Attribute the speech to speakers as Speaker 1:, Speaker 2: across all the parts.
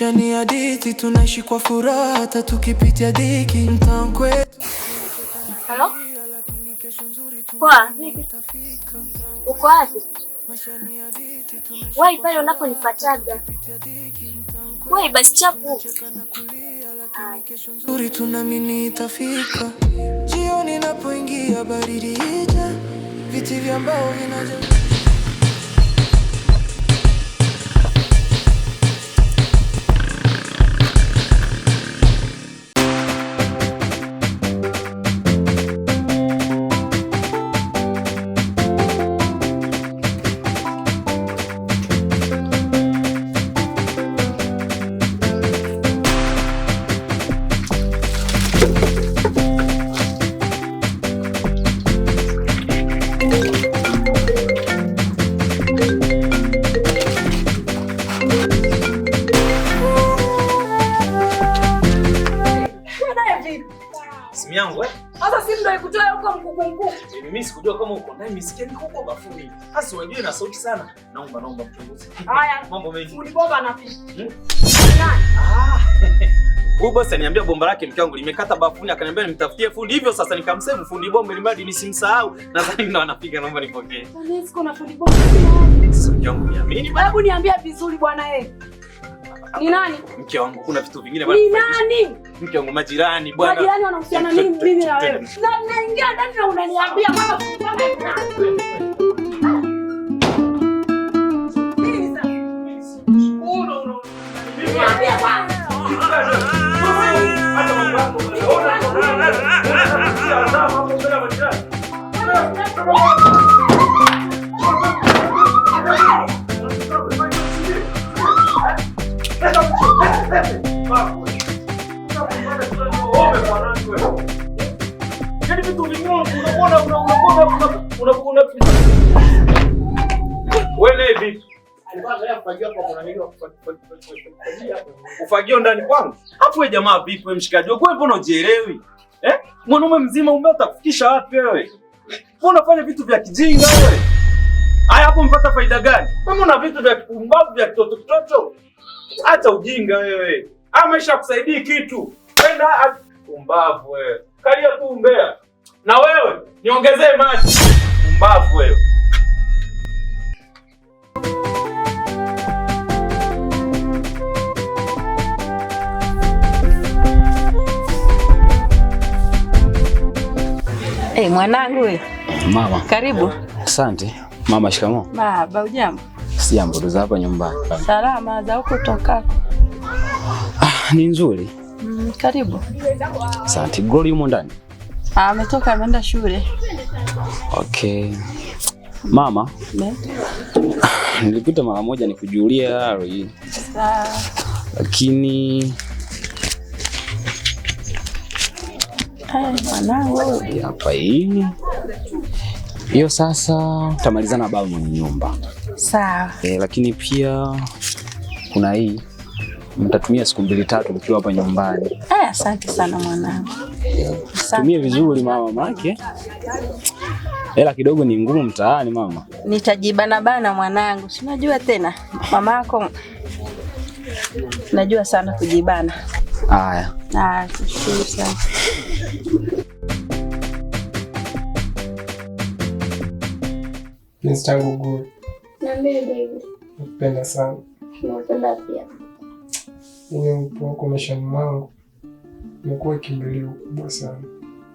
Speaker 1: Maisha ni hadithi, tunaishi kwa furaha hata tukipitia dhiki. Mtankwe uko wapi? Wai pale unaponipataga wai basi chapu nzuri, tunaamini itafika. Jioni inapoingia baridi ija, viti vya mbao vinaja
Speaker 2: kujua kama uko naye misikia niko huko bafuni. Sasa wajue na sauti sana. Naomba naomba mchunguzi. Haya, mambo mengi.
Speaker 1: Ulibomba na vipi? Hmm? Nani?
Speaker 2: Ah. Huyu boss aniambia bomba lake mke wangu limekata bafuni, akaniambia nimtafutie fundi. Hivyo sasa nikamsema fundi bomba ili mradi nisimsahau. Nadhani ndo anapiga, naomba nipokee.
Speaker 1: Mimi siko na fundi bomba.
Speaker 2: Sasa mke wangu niamini
Speaker 1: bwana. Hebu niambia vizuri bwana eh. Ni nani?
Speaker 2: Mke wangu kuna vitu vingine
Speaker 1: bwana. Ni nani?
Speaker 2: mke wangu, majirani
Speaker 1: bwana. Majirani wanahusiana nini mimi na wewe? Na naingia ndani na unaniambia kwamba
Speaker 2: Ufagio ndani kwangu? Hapo wewe jamaa vipi wewe mshikaji? Wewe mbona ujielewi? Eh? Mwanaume mzima umetakufikisha wapi wewe? Mbona unafanya vitu vya kijinga wewe? Haya hapo mpata faida gani? Mbona una vitu vya kipumbavu vya kitoto kitoto. Acha ujinga wewe. Ama ishakusaidii kitu. Kwenda Pumbavu wewe. Kalia tu umbea. Na wewe niongezee maji. Pumbavu wewe.
Speaker 3: Hey, eh, mwanangu we. Mama. Karibu.
Speaker 4: Asante. Mama, shikamoo.
Speaker 3: Baba, ujambo?
Speaker 4: Sijambo, tuza hapa nyumbani.
Speaker 3: Salama za huko toka.
Speaker 4: Ah, ni nzuri. Karibu. Asante. Glory yumo ndani?
Speaker 3: Ah, ametoka, ameenda shule.
Speaker 4: Okay. Mama, nilipita mara moja nikujulia hali, ah. lakini hapa hii hiyo sasa utamalizana baba mwenye nyumba sawa. E, lakini pia kuna hii mtatumia siku mbili tatu mkiwa hapa nyumbani
Speaker 3: Haya, asante sana mwanangu.
Speaker 4: Tumie vizuri mama, make hela kidogo ni ngumu mtaani mama.
Speaker 3: Nitajibana bana mwanangu, si unajua tena mamako, najua sana kujibana. Haya, haya, shukuru sana.
Speaker 5: Nistangugu.
Speaker 6: Niambie baby.
Speaker 5: Nakupenda sana.
Speaker 6: Nakupenda pia.
Speaker 5: Uwe mpoko kwa maisha imekuwa kimbilio kubwa sana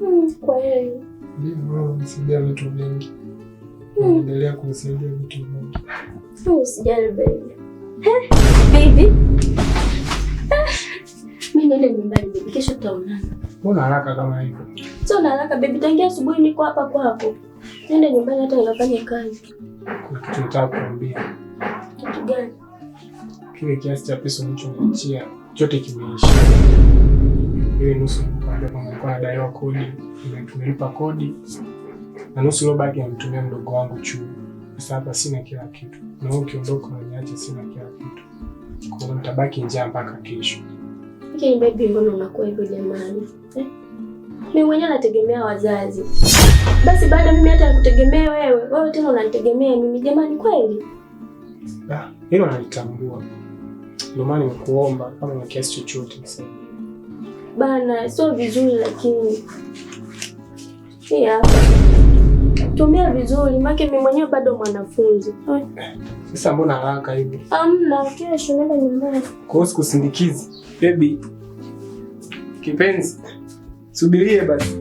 Speaker 6: mm, kweli.
Speaker 5: Msijali vitu vingi, mm. endelea kumsaidia vitu vingi.
Speaker 6: Mm, usijali baby. Baby. Ah, mimi nenda nyumbani baby, kesho tutaonana.
Speaker 5: Mbona haraka kama hivyo?
Speaker 6: Sio na haraka baby, tangia asubuhi niko hapa kwako. Nenda nyumbani hata nikafanye kazi.
Speaker 5: Kuna kitu nataka kukuambia. Kitu gani? Kile kiasi cha pesa ulichoniachia chote kimeisha ile nusu kwa nilikuwa kodi nimelipa kodi, na nusu iliyobaki namtumia mdogo wangu chuo. Sasa hapa sina kila kitu, na wewe ukiondoka unaniacha sina kila kitu, kwa hiyo nitabaki njaa mpaka kesho.
Speaker 6: Lakini baby, mbona unakuwa hivyo jamani? Eh? Mimi mwenyewe nategemea wazazi, basi baada mimi hata nikutegemea wewe, wewe tena unanitegemea mimi jamani, kweli
Speaker 5: ah, hilo nalitambua. Ndio maana nimekuomba kama na kiasi chochote msaidie
Speaker 6: bana, sio vizuri, lakini yeah. tumia vizuri, make mimi mwenyewe bado mwanafunzi.
Speaker 5: Sasa mbona haraka hivi?
Speaker 6: Amna, kesho nenda nyumbani.
Speaker 5: Kwa hiyo sikusindikizi. Baby. Kipenzi. Subirie basi.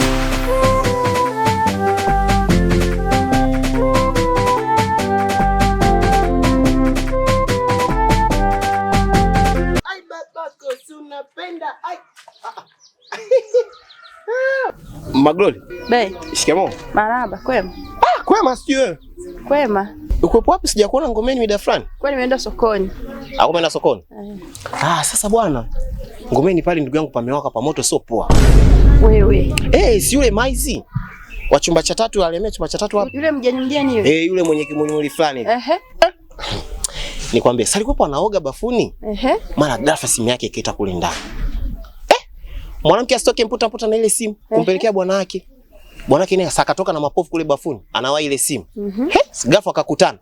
Speaker 2: si unapenda Magloli. Bei. Shikamo.
Speaker 3: Maraba, kwema.
Speaker 2: Ah, kwema sijui wewe. Kwema. Uko wapi? Sijakuona Ngomeni mida fulani.
Speaker 3: Kwani nimeenda sokoni.
Speaker 2: Au umeenda sokoni? Eh. Ah, sasa bwana. Ngomeni pale ndugu yangu pamewaka pa moto sio poa. Wewe. Eh, si yule maizi wa chumba cha tatu alemea chumba cha tatu hapo.
Speaker 3: Yule mjani ni
Speaker 2: yule. Eh, yule mwenye kimunyuli fulani. Ehe. Eh. Nikwambie, sasa alikuwa anaoga bafuni. uh -huh. Mara ghafla simu yake ikaita kule ndani. Eh? Mwanamke asitoke mputa mputa na ile simu uh -huh. kumpelekea bwana wake. Bwana wake naye sakatoka na mapofu kule bafuni, anawa ile simu. uh mhm. -huh. Eh, ghafla akakutana.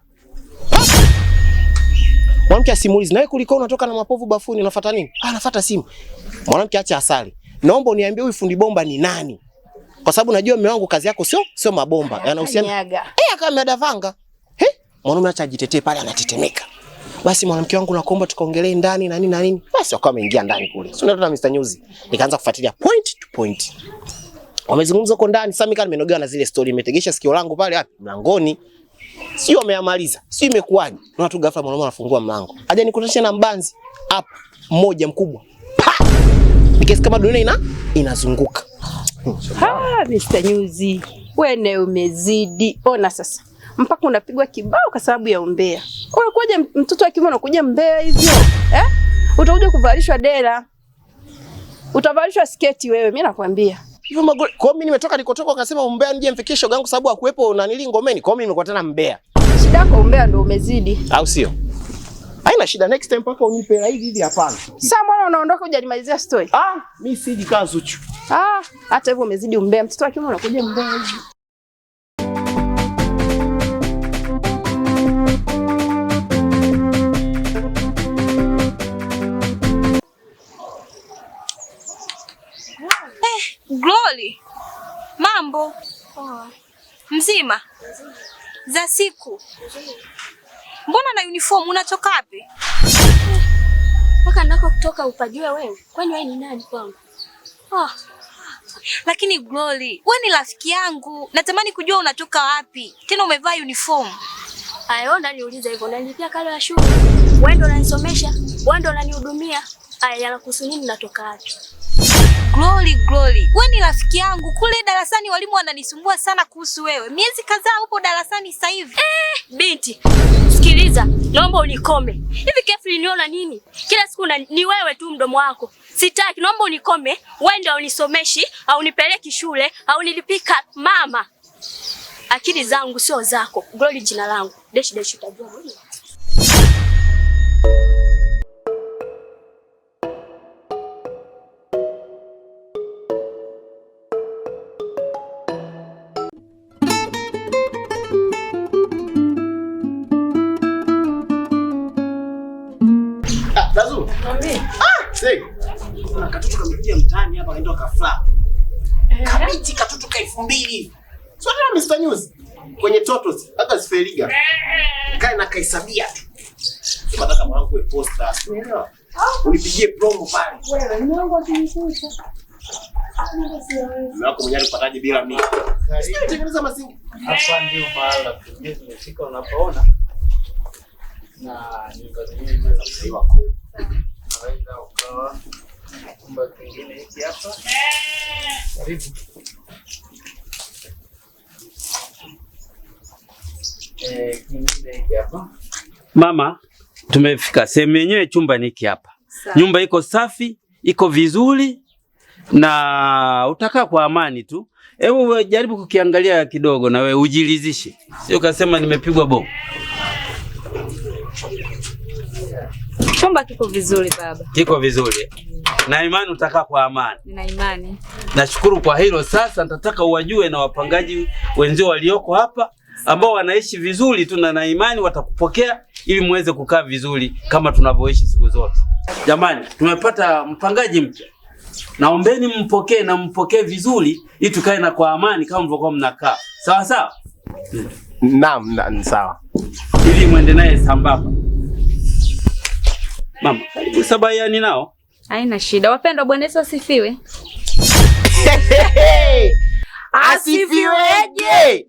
Speaker 2: Mwanamke asimulize, nawe kuliko unatoka na mapovu bafuni unafuata nini? Ah, nafuata simu. Mwanamke acha asali. Naomba uniambie huyu fundi bomba ni nani? Kwa sababu najua mume wangu kazi yako sio sio mabomba. Yanahusiana. Eh, akawa ameadavanga. Eh, mwanaume acha ajitetee pale anatetemeka basi mwanamke wangu nakuomba tukaongelee ndani na nini na nini. Basi wakawa wameingia ndani kule, sio ndio? Na Mr Nyuzi. nikaanza kufuatilia point to point, wamezungumza huko ndani. Sasa mimi nimenogewa na zile story, nimetegesha sikio langu pale hapo mlangoni, sio ameamaliza, sio imekuaje? Naona tu ghafla mwanamume anafungua mlango, aje nikutanisha na mbanzi hapo mmoja mkubwa, Nikesi kama dunia ina inazunguka.
Speaker 3: Ha, Mr Nyuzi. wewe umezidi, ona sasa mpaka unapigwa kibao kwa sababu ya umbea. Unakuja mtoto wa kiume unakuja mbea hivyo eh? Utakuja kuvalishwa dera, utavalishwa sketi wewe, mimi nakwambia
Speaker 2: hivyo. Magoli kwa mimi nimetoka nikotoka, ukasema umbea nje mfikishe shoga yangu sababu hakuepo na nili ngomeni. Kwa mimi nimekuwa tena mbea.
Speaker 3: Shida yako umbea ndio umezidi,
Speaker 2: au sio? Haina shida, next time paka unipe la hivi hivi. Hapana,
Speaker 3: sasa mbona unaondoka hujanimalizia story?
Speaker 2: Ah, mimi siji kazuchu.
Speaker 3: Ah, hata hivyo umezidi umbea, mtoto wa kiume unakuja mbea hivi.
Speaker 7: Poli, mambo oh. Mzima za siku, mbona na uniform unatoka wapi?
Speaker 6: Mpaka ndako kutoka upajue wewe, kwani wewe ni nani kwangu? oh.
Speaker 7: Lakini Glory, wewe ni rafiki yangu, natamani kujua unatoka wapi tena, umevaa uniform.
Speaker 6: Aya, wewe unaniuliza hivyo, unanilipia karo ya shule? Wewe ndo unanisomesha, wewe ndo unanihudumia. Aya, yanakuhusu nini natoka wapi?
Speaker 7: Glory, Glory, wewe ni rafiki yangu kule darasani, walimu wananisumbua sana kuhusu wewe. Miezi kadhaa upo darasani sasa hivi. Eh, binti sikiliza, naomba unikome hivi. Kefu liniona nini? Kila siku ni wewe tu, mdomo wako sitaki. Naomba unikome, Wewe ndio unisomeshi au nipeleki shule au nilipika mama. Akili zangu sio zako. Glory jina langu deshi deshi, utajua
Speaker 2: alikuja mtaani hapa kaenda kafla. Eh. Kabiti katutuka elfu mbili. Sio tena Mr. News. Kwenye totos hata sifeliga. Eh, eh, Kae na kaisabia tu. Sipata kama wangu posta. Unipigie promo pale. Wewe ni wangu akinishusha. Wako mwenyewe alipataje bila mimi? Tengeneza mazingira.
Speaker 8: Hapa ndio mahala tumefika unapoona. Na ni kazi nyingi za msaiwa kwa. Naweza ukawa Chumba kingine hiki hapa. Karibu.
Speaker 2: Eh, Mama, tumefika sehemu yenyewe, chumba ni hiki hapa. Nyumba iko safi, iko vizuri na utakaa kwa amani tu. Hebu jaribu kukiangalia kidogo na we ujilizishe, sio kasema nimepigwa bomu.
Speaker 3: Chumba kiko vizuri baba,
Speaker 2: kiko vizuri na imani utakaa kwa amani.
Speaker 3: Nina imani.
Speaker 2: Nashukuru kwa hilo. Sasa nataka uwajue na wapangaji wenzio walioko hapa ambao wanaishi vizuri tu na imani watakupokea ili muweze kukaa vizuri kama tunavyoishi siku zote. Jamani, tumepata mpangaji mpya. Naombeni mpokee na mpokee vizuri ili tukae na kwa amani kama mlivyokuwa mnakaa. Sawa sawa? Naam, na, sawa. Ili muende naye sambamba. Mama, karibu sabayani nao.
Speaker 3: Haina shida wapendwa, Bwana Yesu asifiwe.
Speaker 2: Asifiweje?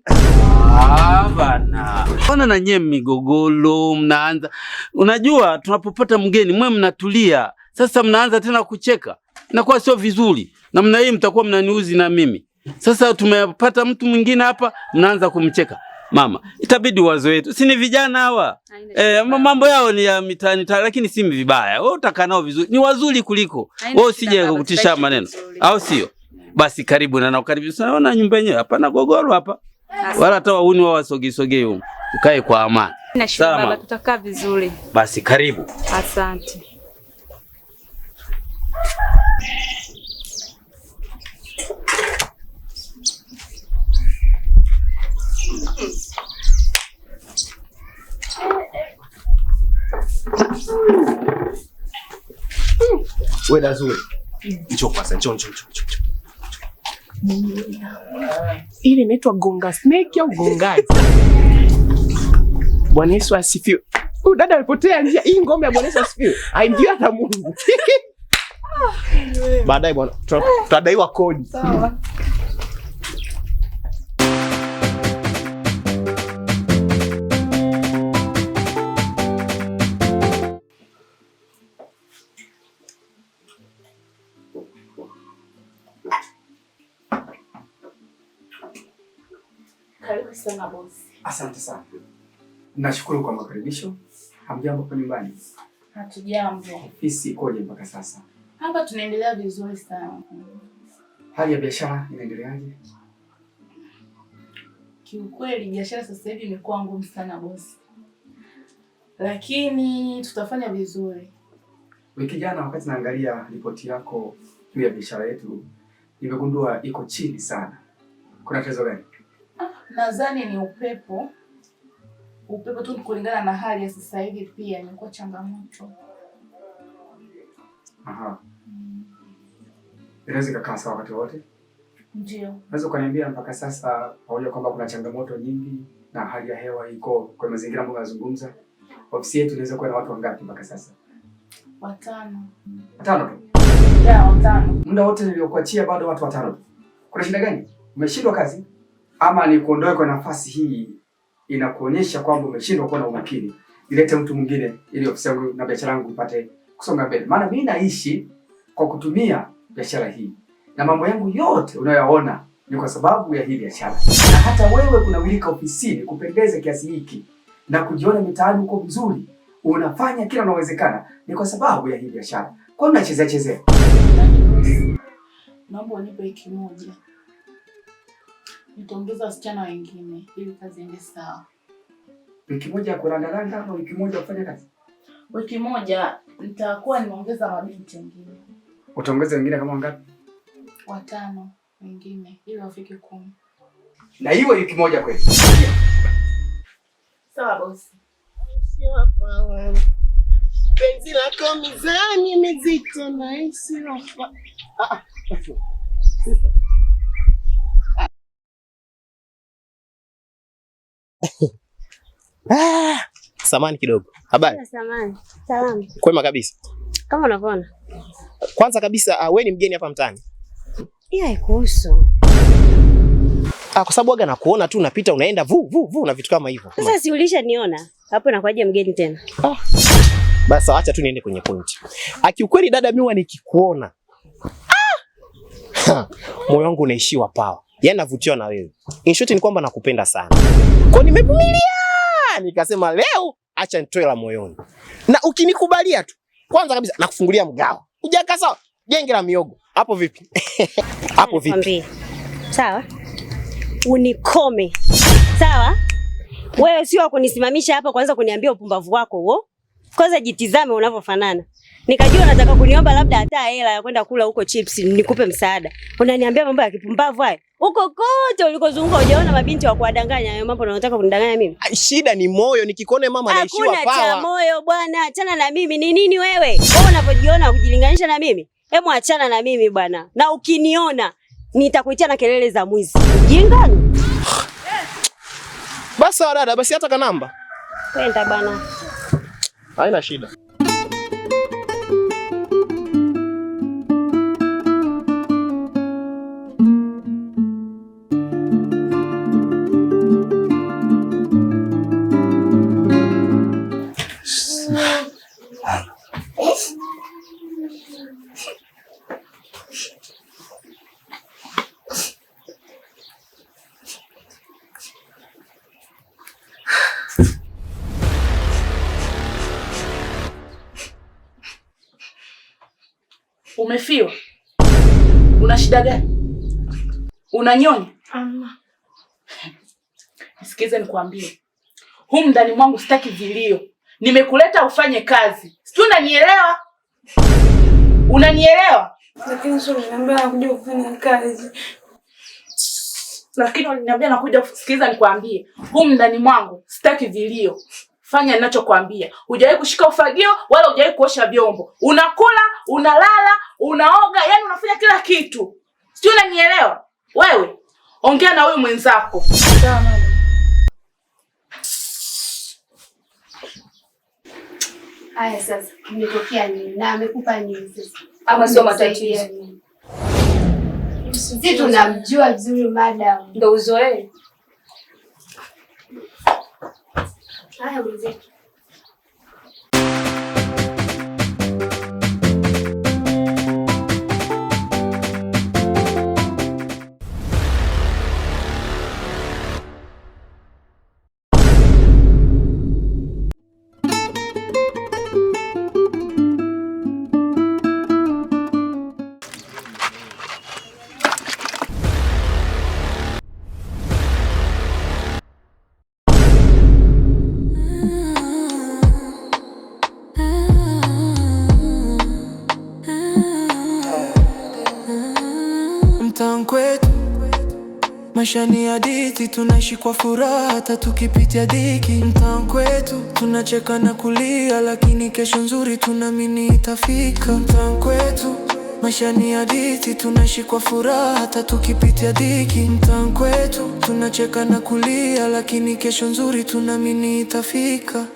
Speaker 2: Ah, bana. Ona na nyie migogoro mnaanza. Unajua tunapopata mgeni mwe mnatulia. Sasa mnaanza tena kucheka. Inakuwa sio vizuri. Namna hii mtakuwa mnaniuzi na mimi. Sasa tumepata mtu mwingine hapa mnaanza kumcheka. Mama, itabidi wazo wetu si ni vijana hawa e, mambo yao ni ya mitaani, lakini si vibaya. Wewe utaka nao vizuri, ni wazuri kuliko wewe. Usije kukutisha maneno, au sio? Basi karibu na na karibu sana. Unaona nyumba yenyewe hapana gogoro hapa, wala hata wauni wao sogei huko, ukae kwa amani.
Speaker 3: Sawa, tutakaa vizuri.
Speaker 2: Basi karibu,
Speaker 3: asante.
Speaker 2: Wewe dazu. Njoo kwanza, njoo njoo njoo.
Speaker 3: Ile inaitwa gonga snake au gongaji? Bwana Yesu asifiwe. Huyu dada alipotea njia. Hii ngombe ya Bwana Yesu asifiwe. Haimjui hata Mungu.
Speaker 2: Baadaye bwana, tutadaiwa kodi. Sawa.
Speaker 6: mapema bosi.
Speaker 5: Asante sana. Nashukuru kwa makaribisho. Hamjambo kwa nyumbani?
Speaker 6: Hatujambo.
Speaker 5: Ofisi ikoje mpaka sasa?
Speaker 6: Hapa tunaendelea vizuri sana.
Speaker 5: Hali ya biashara inaendeleaje?
Speaker 6: Kiukweli biashara sasa hivi imekuwa ngumu sana bosi, lakini tutafanya vizuri.
Speaker 5: Wiki jana wakati naangalia ripoti yako juu ya biashara yetu, nimegundua iko chini sana. Kuna tatizo gani?
Speaker 6: Nadhani ni upepo, upepo tu kulingana na hali ya sasa hivi, pia imekuwa changamoto.
Speaker 5: Aha, inaweza ikakaa sawa wakati wote. Ndio, unaweza ukaniambia mpaka sasa, pamoja kwamba kuna changamoto nyingi na hali ya hewa iko kwa mazingira ambayo nazungumza, ofisi yetu inaweza kuwa na watu wangapi mpaka sasa?
Speaker 6: Watano. Watano tu? watano.
Speaker 5: Muda wote niliokuachia bado watu watano. Kuna shida gani? Umeshindwa kazi? ama nikuondoe kwa nafasi hii, inakuonyesha kwamba umeshindwa kuwa na umakini. Nilete mtu mwingine ili ofisi yangu na biashara yangu ipate kusonga mbele, maana mimi naishi kwa kutumia biashara hii na mambo yangu yote unayoyaona ni kwa sababu ya hii biashara. Na hata wewe kunawilika ofisini kupendeza kiasi hiki na kujiona mitaani uko vizuri, unafanya kila unawezekana, ni kwa sababu ya hii biashara. Kwa nini unachezea chezea?
Speaker 6: Naomba unipe kimoja nitaongeza wasichana wengine ili kazi iende sawa.
Speaker 5: Wiki moja ya kurangaranga au wiki moja kufanya kazi?
Speaker 6: Wiki moja nitakuwa nimeongeza mabinti wengine.
Speaker 5: Utaongeza wengine kama wangapi?
Speaker 6: Watano wengine ili wafike kumi.
Speaker 5: Na hiyo wiki moja kweli?
Speaker 6: Sawa bosi. Penzi lako mizani mizito na hisi
Speaker 2: Ah, samani kidogo. Habari?
Speaker 6: Samani. Salamu. Kwema kabisa. Kama unavyoona.
Speaker 2: Kwanza kabisa uh, wewe ni mgeni hapa mtaani?
Speaker 6: Ila ikuhusu.
Speaker 2: Ah, kwa sababu waga nakuona tu unapita unaenda vu vu vu na vitu kama hivyo.
Speaker 6: Sasa si ulisha niona. Hapo nakwaje mgeni tena? Ah.
Speaker 2: Basi acha tu niende kwenye point. Akiukweli ah, dada, mimi nikikuona ah! moyo wangu unaishiwa pawa, yaani navutiwa na wewe. In short ni kwamba nakupenda sana, kwa nimevumilia nikasema leo acha nitoe la moyoni, na ukinikubalia tu, kwanza kabisa nakufungulia mgao. Ujaka sawa, genge la miogo hapo. Vipi hapo? Vipi?
Speaker 6: Sawa, unikome sawa. Wewe sio kunisimamisha hapa, kwanza kuniambia upumbavu wako huo. Kwanza jitizame unavyofanana Nikajua nataka kuniomba labda hata hela ya kwenda kula huko chips, nikupe msaada. Unaniambia mambo ya kipumbavu haya. Huko kote ulikozunguka hujaona mabinti wa kuwadanganya hayo mambo unataka kunidanganya mimi?
Speaker 2: Shida ni moyo, nikikuone mama
Speaker 6: anaishiwa pawa. Hakuna cha moyo bwana, achana na mimi. Ni nini wewe? Wewe unapojiona kujilinganisha na mimi? Hebu achana na mimi bwana. Na ukiniona nitakuitia na kelele za mwizi. Jinga?
Speaker 2: Basi dada, basi hata kanamba.
Speaker 6: Kwenda bwana.
Speaker 2: Haina shida. shida gani? Unanyonya? Sikize nikwambie, humu ndani mwangu sitaki vilio. Nimekuleta ufanye kazi, si unanielewa? Unanielewa?
Speaker 6: Lakini sio unaniambia nakuja kufanya kazi.
Speaker 2: Lakini unaniambia nakuja kusikiliza. Nikwambie, humu ndani mwangu sitaki vilio. Fanya ninachokwambia. Hujawahi kushika ufagio wala hujawahi kuosha vyombo. Unakula, unalala, unaoga, yani unafanya kila kitu Sijui unanielewa wewe. Ongea na huyu mwenzako. Sawa
Speaker 6: Aya sasa, imetokea nini na amekupa nini sasa? Ama sio matatizo. Sisi tunamjua vizuri madam. Ndio uzoee. Haya mwenzetu.
Speaker 9: Maisha ni diti tunaishi kwa furaha hata tukipitia dhiki. Mtaani kwetu tunacheka na kulia, lakini kesho nzuri tunaamini itafika. Mtaani kwetu Maisha ni hadithi, tunaishi kwa furaha hata tukipitia dhiki. Mtaani kwetu tunacheka na kulia, lakini kesho nzuri tunaamini itafika.